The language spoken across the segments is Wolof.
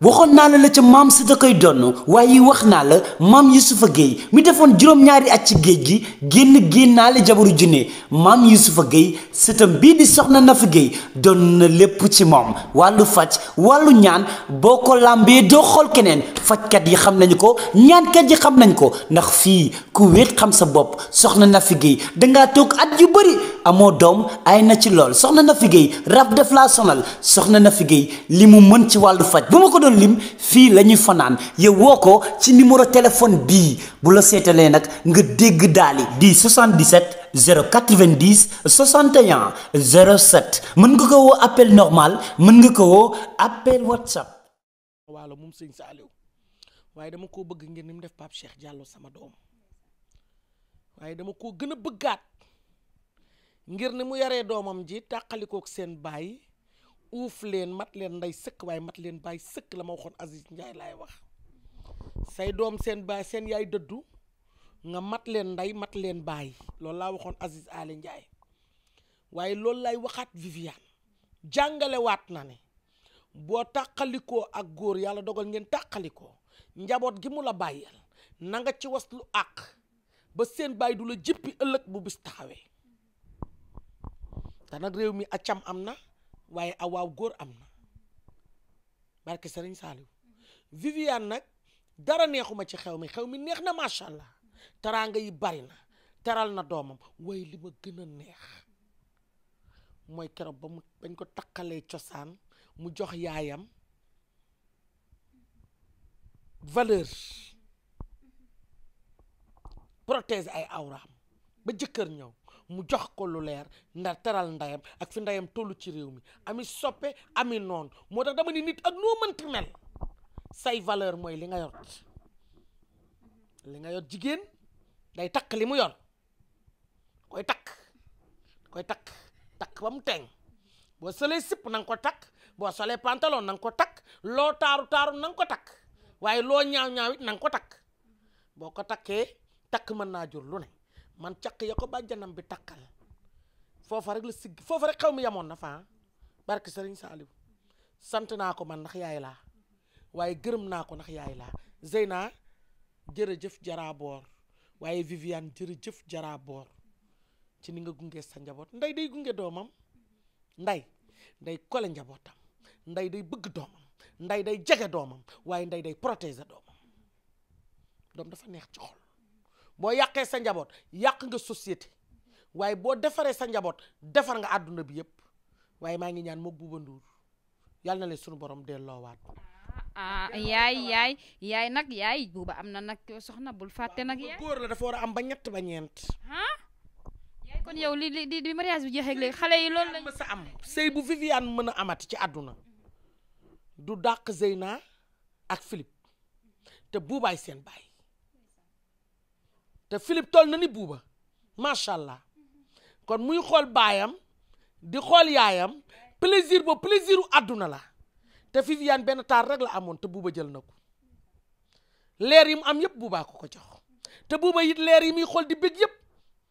waxoon naa la la ca maam si da koy donn waaye wax naa la maam Yusufa Gueye muy defoon juróom-ñaari at ci géej gi génn génnaale jabaru junne maam Yusufa Gueye sëtam bii di soxna Nafi Gueye doon na lépp ci moom wàllu faj wàllu ñaan boo ko làmbee doo xool keneen fajkat yi xam nañu ko ñaankat yi xam nañ ko ndax fii ku wéet xam sa bopp soxna Nafi Gueye dangaa toog at yu bari amoo doom ay na ci lool soxna na fi géey rab def laa sonal soxna na fi géey li mu mën ci wàllu faj bu ma ko doon lim fii la ñuy fanaan yow woo ko ci numéro téléphone bii bu la seetalee nag nga dégg daali di 77 090 61 07 mën nga ko woo appel normal mën nga ko woo appel whatsapp waalo moom sëñ Saliou waaye dama koo bëgg ngeen ni mu def Pape Cheikh jàlloo sama doom waaye dama koo gën a bëggaat ngir ni mu yaree doomam ji tàqalikook seen bàyyi uuf leen mat leen nday sëkk waaye mat leen baay sëkk la ma waxoon Aziz Ndiaye laay wax say doom seen baay seen yaay dëddu nga mat leen nday mat leen bàyyi loolu laa waxoon Aziz Ali Ndiaye waaye loolu lay waxaat Viviane jàngalewaat na ne boo tàqalikoo ak góor yàlla dogal ngeen tàqalikoo njaboot gi mu la bàyyi na nga ci was lu àq ba seen baay du la jippi ëllëg bu bis taxawee te nag réew mi cam am na waaye awaaw góor am na barke Serigne Saliou Viviane nag dara neexuma ci xew mi xew mi neex na macha allah teraanga yi bari na teral na doomam waaye li ma gën a neex mooy keroog ba mu bañ ko takkalee cosaan mu jox yaayam valeur protéger ay awraam ba jëkkër ñëw mu jox ko lu leer nda teral ndayam ak fi ndayam tollu ci réew mi ami soppe ami noonu moo tax dama ni nit ak noo mënti mel say valeur mooy li nga yot li nga yot jigéen day takk li mu yor koy takk koy takk takk ba mu teeŋ boo solee sipp na nga ko takk boo solee pantalon na nga ko takk loo taaru taaru na ko takk waaye loo ñaaw ñaaw it ko takk boo ko takkee takk mën naa jur lu ne man caq ya ko bàjjanam bi takkal foofa rek la sigg foofa rek xaw mi yamoon na faa barke Serigne Saliou sant naa ko man ndax yaay laa waaye gërëm naa ko ndax yaay laa Zeyna jërëjëf jaraaboor waaye Viviane jërëjëf jaraaboor ci ni nga gunge sa njaboot nday day gunge doomam nday nday kole njabootam nday day bëgg doomam nday day jege doomam waaye nday day protéger doomam doom dafa neex ci xol boo yàqee sa njaboot yàq nga societé waaye boo defaree sa njaboot defar nga àdduna bi yëpp waaye maa ngi ñaan moog buuba nduur yàlla na leen suñu borom delloowaat ko ah, ah yaay yaay yaay nag yaay Bouba am na nag soxna bul fàtte nag yaay góor war a am ba ñett ba kon yow li li di bi jeexee léegi xale yi loolu lañ mës am sëy bu Viviane mën a amati ci àdduna du dàq sëy Zeyna ak Philippe te buubaay seen baay te Philippe toll na ni buuba macha allah kon muy xool baayam di xool yaayam plaisir boobu plaisiru àdduna la te Viviane benn taar rek la amoon te buuba jël na ko leer yi mu am yëpp buubaa ko ko jox te buuba it leer yi muy xool di bëgg yëpp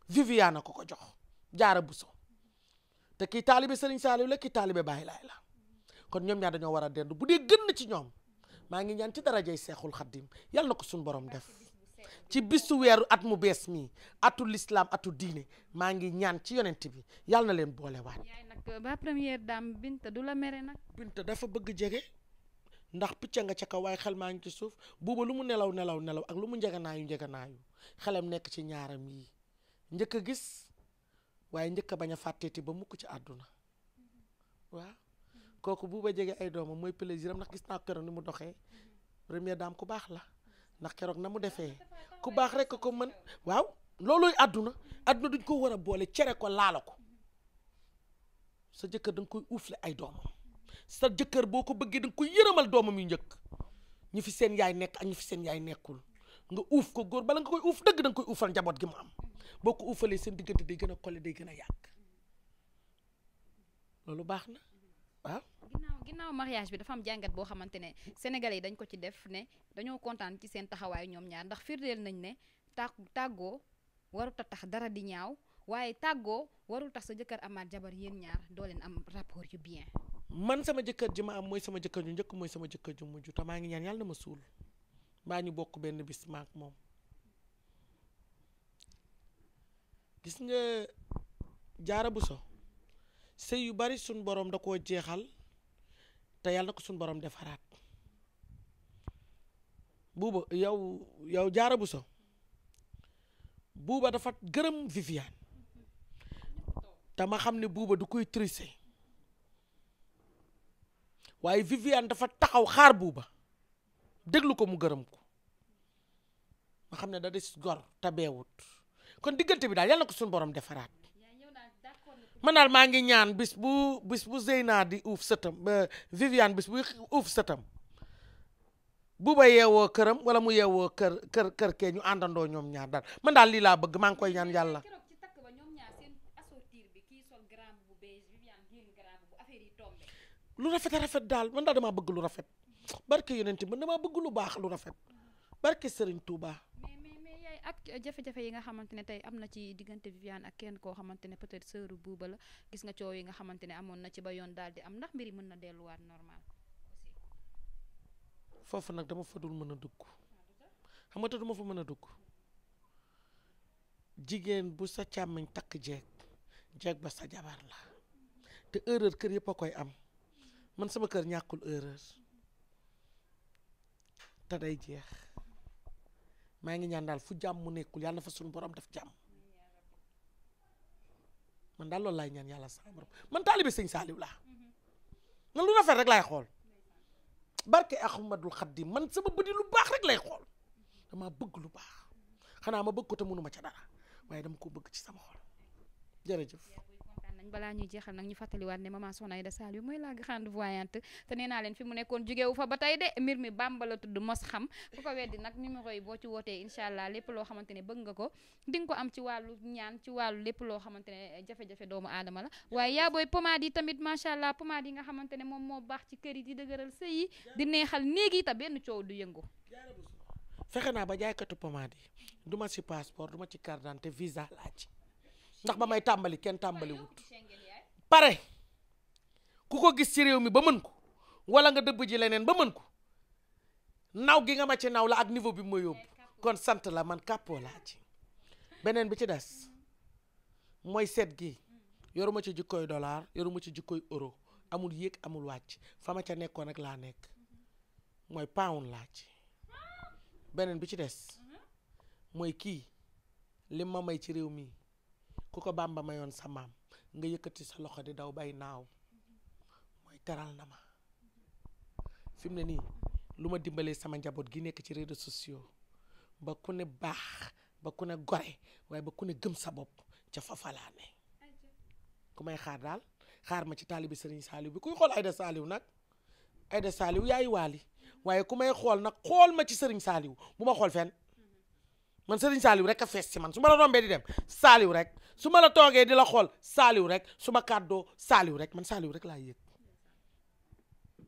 Viviane ko ko jox jaara buso te kii taalibe Serigne Saliou la kii taalibe Baye Laay la kon ñoom ñaar dañoo war a dendu bu dee gën na ci ñoom maa ngi ñaan ci darajay Seexul Xaddim yàlla na ko suñu borom def ci bisu weeru at mu bees mii atu lislaam atu diine maa ngi ñaan ci yonent bi yàlla na leen boolewaat. yaay nag ba première dame Binta du la mere nag. Binta dafa bëgg jege ndax picc nga ca kaw waaye xel maa ngi ci suuf buuba lu mu nelaw nelaw nelaw ak lu mu njeganaayu njeganaayu xelam nekk ci ñaaram yii njëkk a gis waaye njëkk a bañ a fàtteeti ba mukk ci àdduna waaw kooku buuba jege ay doomam mooy plaisir ndax gis naa ko ni mu doxee première daam ku baax la. ndax keroog na mu defee ku baax rek ko mën waaw looluy àdduna àdduna duñ ko war a boole cere ko laala ko sa jëkkër da koy uuf uufle ay doomam sa jëkkër boo ko bëggee da koy yërëmal doomam yu njëkk ñu fi seen yaay nekk ak ñu fi seen yaay nekkul nga uuf ko góor bala nga koy uuf dëgg da koy uufal njaboot gi mu am boo ko uufalee seen diggante day gën a kole day gën a yàgg loolu baax na ah. ginnaaw ginnaaw mariage bi dafa am jàngat boo xamante ne sénégalais yi dañ ko ci def ne dañoo kontaan ci seen taxawaay ñoom ñaar ndax firndeel nañ ne tà tàggoo warut a tax dara di ñaaw waaye tàggoo warul tax sa jëkkër amaat jabar yéen ñaar doo leen am rapport yu bien. man sama jëkkër ji ma am mooy sama jëkkër ju njëkk mooy sama jëkkër ju mujj te maa ngi ñaan yàlla na ma suul mbaa ñu bokk benn bis maak moom gis nga jaara bu so sëy yu bari suñ borom da koo jeexal te yàlla na ko suñ borom defaraat buuba yow yow jaara bu so buuba dafa gërëm Viviane te ma xam ne buuba du koy tricé waaye Viviane dafa taxaw xaar buuba déglu ko mu gërëm ko ma xam ne da des gor te beewut kon diggante bi daal yàlla na ko suñu borom defaraat man daal maa ngi ñaan bis bu bis bu Zeyna di uuf sëtam Viviane bis bu uuf sëtam bu ba yeewoo këram wala mu yeewoo kër kër kër kee ñu àndandoo ñoom ñaar daal man daal lii laa bëgg maa ngi koy ñaan yàlla. lu rafet a rafet daal man daal damaa bëgg lu rafet barke mën man damaa bëgg lu baax lu rafet barke Serigne Touba. ak jafe-jafe yi nga xamante ne tey am na ci diggante Viviane ak kenn koo xamante ne peut-être sœuru Bouba la gis nga coow yi nga xamante ne amoon na ci ba yoon daal di am ndax mbir mën na delluwaat normal aussi. foofu nag dama fa dul mën a dugg duma fa mën a dugg jigéen bu sa càmmiñ takk jeeg jeeg ba sa jabar la te erreur kër yëpp a koy am man sama kër ñàkkul erreur te day jeex. maa ngi ñaan daal fu jàmm mu nekkul yàlla na fa suñu borom def jàmm man daal loolu laay ñaan yàlla sama borom man taalibe sëñ Saaliw laa man lu rafet rek laay xool barke Ahmadul Xaddim man sama bëdi lu baax rek lay xool damaa bëgg lu baax xanaa ma bëgg ko te mënuma ca dara waaye dama ko bëgg ci sama xol jërëjëf balaa ñuy jeexal nag ñu fàttaliwaat ne maman Soxna Aida Saliou mooy la grande voyante te nee naa leen fi mu nekkoon jugeewu fa ba tey de mbir mi Bamba la tudd mos xam ku ko weddi nag numéro yi boo ci wootee incha allah lépp loo xamante ne bëgg ko di ko am ci wàllu ñaan wàllu lépp loo xamante ne jafe-jafe doomu aadama la waaye yaa booy pomade yi tamit macha allah pomade yi nga xamante ne moom moo baax ci kër yi di dëgëral sëy yi di neexal néegi ta benn coow du yëngu fexe naa ba jaaykatu pomade yi du ma ci passeport ma ci carte d'identité visa laa ci ndax ba may tàmbali kenn tàmbali wut pare ku ko gis ci réew mi ba mën ko wala nga dëbb ji leneen ba mën ko naw gi nga ma ci naw la ak niveau bi ma yóbbu eh, kon sant la man kàppoo laa ci beneen bi ci des mooy seet gi yoruma ci jikkoy dollar yoruma ci jikkoy euro amul yéeg amul wàcc fa ma ca nekkoon rek laa nekk mooy pound laa beneen bi ci des mm-hmm. mooy kii li ma may ci réew mi ku ko bàmba mayoon sa maam nga yëkkati sa loxo di daw bay naaw mooy teral na ma fi mu ne nii lu ma dimbalee sama njaboot gi nekk ci réseaux sociaux ba ku ne baax ba ku ne gore waaye ba ku ne gëm sa bopp ca fafalaa ne may xaar daal xaar ma ci taalibi Serigne Saliou bi kuy xool Aïda Saliou nag Aïda Saliou yaay waali waaye ku may xool nag xool ma ci sëriñ saaliw bu ma xool fen man Serigne Saliou rek a fees ci man su ma la rombee di dem saaliw rek su ma la toogee di la xool saaliw rek su ma kàddoo saaliw rek man saaliw rek laa yëg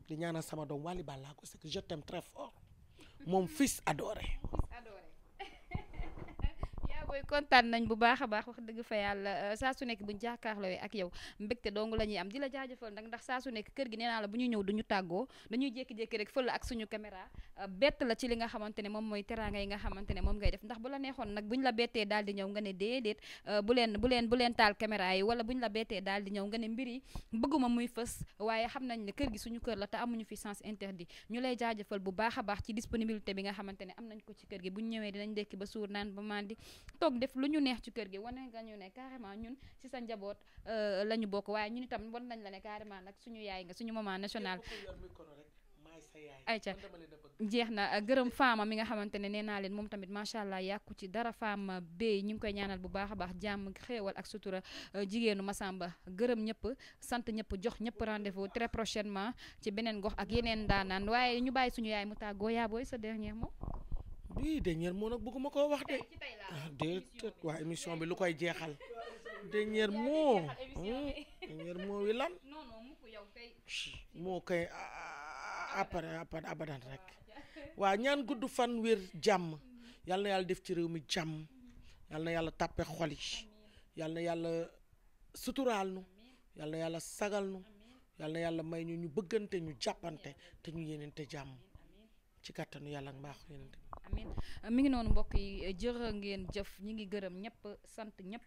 di ñaanal sama doom Wally Ballago Seck je t'aime très fort mon fils adoré booy kontaan nañ bu baax baax wax dëgg fa yàlla euh, su nekk buñ jàkkaarloo ak yow mbégte dong la ñuy am di la jaajëfal nag ndax saa su nekk kër gi naa la bu ñu ñëw duñu tàggoo dañuy jékki-jékki rek ak suñu caméra euh, bett la ci li nga xamante ne moom mooy teraanga yi nga xamante ne moom ngay def ndax bu la neexoon nag buñ la bettee daal di ñëw nga ne déedéet euh, bu leen bu leen bu leen taal caméra yi wala buñ la bettee daal di ñëw nga ne mbir yi bëgguma muy fës waaye xam nañ ne kër gi suñu kër la te amuñu fi sens interdit ñu lay jaajëfal bu baax a baax ci disponibilité bi nga xamante ne am nañ ko ci kër gi bu ñu ñëwee dinañ dekki ba suur naan ba mandi toog def lu ñu neex ci kër gi wane nga ñu ne carrément ñun ci sa njaboot euh, la ñu bokk waaye ñun itam wan nañ la ne carrément nag suñu yaay nga suñu maman nationale ayca jeex na gërëm faama mi nga xamante ne nee naa leen moom tamit macha allah yàkku ci dara faama bay ñu ngi koy ñaanal bu baax a baax jàmm xéewal ak sutura euh, jigéenu ma Masamba gërëm ñëpp sant ñëpp jox ñëpp rendez-vous très prochainement ci beneen gox ak yeneen daanaan waaye ñu bàyyi suñu yaay mu tàggoo yaa booy sa dernier bii dernier mot nag bëgguma koo wax de ah waa émission bi lu koy jeexal dernier mot hmm? dernier mot wi lan moo koy ah, ah, ah, après après abadan rek waa ñaan gudd fan wér jàmm mm-hmm. yal na yàlla def ci réew mi jàmm mm-hmm. yal na yàlla tàppe xol yal na yàlla suturaal nu yal yàlla sagal nu yàlla may ñu ñu bëggante ñu jàppante te ñu yéenante jàmm ci kàttanu yàlla ak mbaaxu yéenante amin mi ngi noonu mbokk yi jërë ngeen jëf ñu ngi gërëm ñëpp sant ñëpp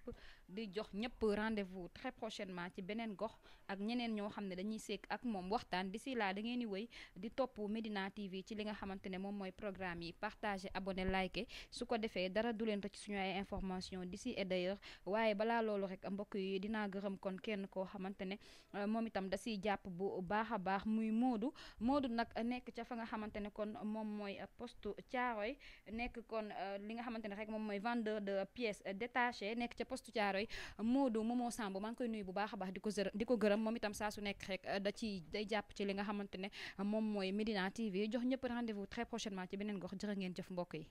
di jox ñëpp rendez-vous très prochainement ci beneen gox ak ñeneen ñoo xam ne dañuy seek ak moom waxtaan di là da ngeen di wéy di topp Medina TV ci li nga xamante ne moom mooy programme yi partager abonné liker su ko defee dara du leen rëcc suñu information d'ici et d'ailleurs waaye balaa loolu rek mbokk yi dinaa gërëm kon kenn koo xamante ne euh, moom itam da siy jàpp bu baax a baax muy Moodu Moodu nag nekk ca fa nga xamante ne kon moom mooy poste Thiaroye nekk kon euh, li nga xamante ne rek moom mooy vendeur de pièces détachées nekk ca post Thiaroye Caaroy Modou Momo Samb maa ngi koy nuyu bu baax a baax di ko gërëm di ko gërëm moom itam saa su nekk rek eh, da ci day jàpp ci li nga xamante ne moom mooy Médina TV jox ñëpp rendez-vous très prochainement ci beneen gox jërë ngeen jëf mbokk yi